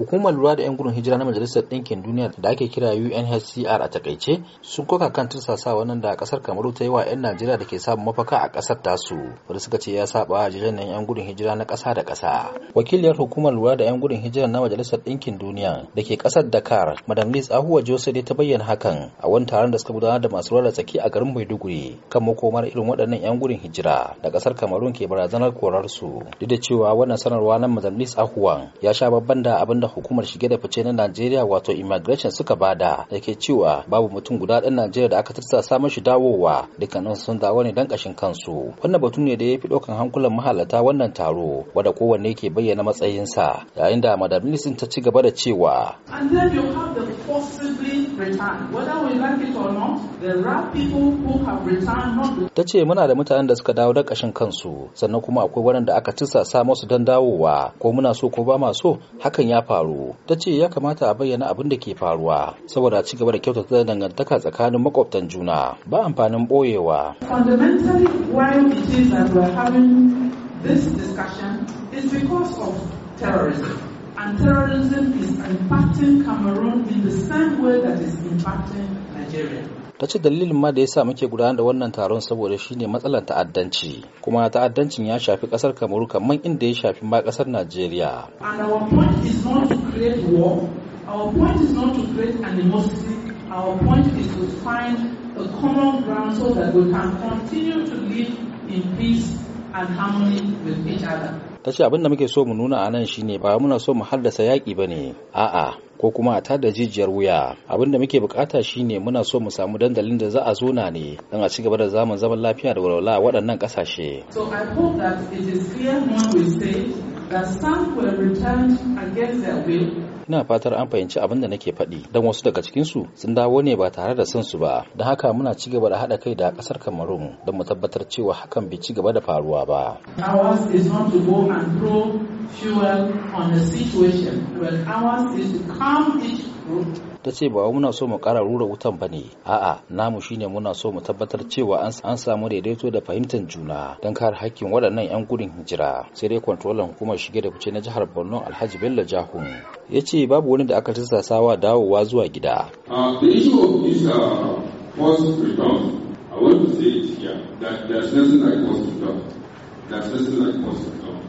Hukumar lura da 'yan gudun hijira na Majalisar Ɗinkin Duniya da ake kira UNHCR a takaice sun koka kan tursasa wannan da kasar Kamaru ta yi wa 'yan Najeriya da ke samun mafaka a kasar tasu wanda suka ce ya saba a jiran 'yan gudun hijira na ƙasa da ƙasa. Wakiliyar hukumar lura da 'yan gudun hijira na Majalisar Ɗinkin Duniya da ke ƙasar Dakar, Madam Liz Ahuwa Jose ta bayyana hakan a wani taron da suka gudanar da masu ruwa da tsaki a garin Maiduguri kan makomar irin waɗannan 'yan gudun hijira da ƙasar Kamarun ke barazanar korarsu. Duk da cewa wannan sanarwa na Madam Liz ahuwa ya sha babban da abin da hukumar shige da fice na Najeriya wato immigration suka bada da ke cewa babu mutum guda ɗan Najeriya da aka tarsa samun shi dawowa dukkanin sun dawo ne dan ƙashin kansu. Wannan batun ne da ya fi ɗaukan hankulan mahalarta wannan taro wanda kowanne ke bayyana matsayinsa yayin da madam ta ci gaba da cewa. And then you have the forces Ta ce muna da mutanen da suka dawo da ƙashin kansu sannan kuma akwai da aka tirsasa musu don dawowa ko muna so ko ba ma so hakan ya faru. Ta ce ya kamata a bayyana abin da ke faruwa saboda ci gaba da kyautata dangantaka tsakanin makwabtan juna ba amfanin boyewa. this discussion is because of terrorism. and terrorism is impacting Cameroon in the same way that is impacting Nigeria. ta ce dalilin ma da ya sa muke gudanar da wannan taron saboda shine matsalar ta'addanci kuma ta'addancin ya shafi kasar kamaru kamar inda ya shafi ma kasar najeriya and in with ta ce abin da muke so mu nuna a nan shine ba muna so mu haddasa yaƙi ba ne a'a ko kuma a tada jijiyar wuya abin da muke bukata shine muna so mu samu dandalin da za a zona ne don a ci gaba da zaman zaman lafiya da walwala a waɗannan ƙasashe. So I hope that it is clear when we say that some were returned against their will ina fatar an fahimci abin da nake faɗi don wasu daga su sun dawo ne ba tare da son su ba don haka muna ci gaba da haɗa kai da ƙasar kamarun don mu tabbatar cewa hakan bai ci gaba da faruwa ba. ta ce ba muna so mu kara rura wutan ba ne a'a namu shine muna so mu tabbatar cewa an samu daidaito da fahimtar juna don kare hakkin waɗannan 'yan gudun hijira sai dai kwantolan hukumar shige da fice na jihar borno alhaji bello jahun ya ce babu wani da aka tasasawa dawowa zuwa gida uh, nothing like nothing like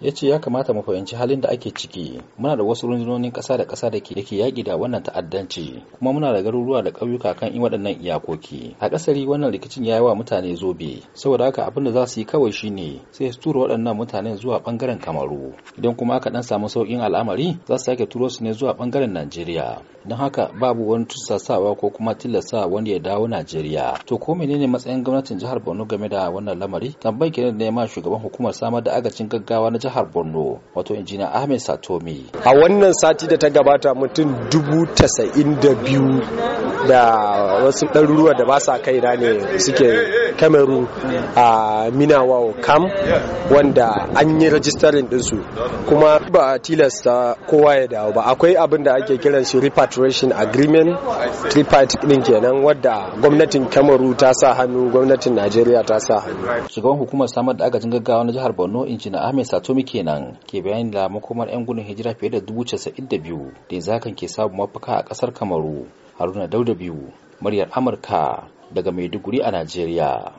ya ce ya kamata mu fahimci halin da ake ciki muna da wasu rundunonin ƙasa da ƙasa da ke yaki da wannan ta'addanci kuma muna da garuruwa da ƙauyuka kan in waɗannan iyakoki a ƙasari wannan rikicin ya yi wa mutane zobe saboda haka abin da za su yi kawai shine sai su tura waɗannan mutanen zuwa ɓangaren kamaru idan kuma aka ɗan samu sauƙin al'amari za su sake turo su ne zuwa ɓangaren najeriya don haka babu wani tussasawa ko kuma tilasta wani ya dawo najeriya to ko menene matsayin gwamnatin jihar borno game da wannan lamari tambayar kenan ne ma shugaban hukumar samar da agacin gaggawa na jihar borno wato injiniya ahmed satomi a wannan sati da ta gabata mutum dubu tasa'in da biyu da wasu ɗaruruwa da ba sa kaina ne suke kameru a minawa kam wanda an yi rajistarin dinsu kuma ba a tilasta kowa ya dawo ba akwai abin da ake kiran shi repatriation agreement tripartite din kenan wadda gwamnatin kameru ta sa hannu gwamnatin najeriya ta sa hannu shugaban hukumar samar da agajin gaggawa na jihar borno injina ahmed satomi gumi kenan ke bayani da makomar 'yan gudun hijira fiye da dubu casa'in da biyu da zakan ke samu mafaka a ƙasar kamaru haruna dauda biyu muryar amurka daga maiduguri a najeriya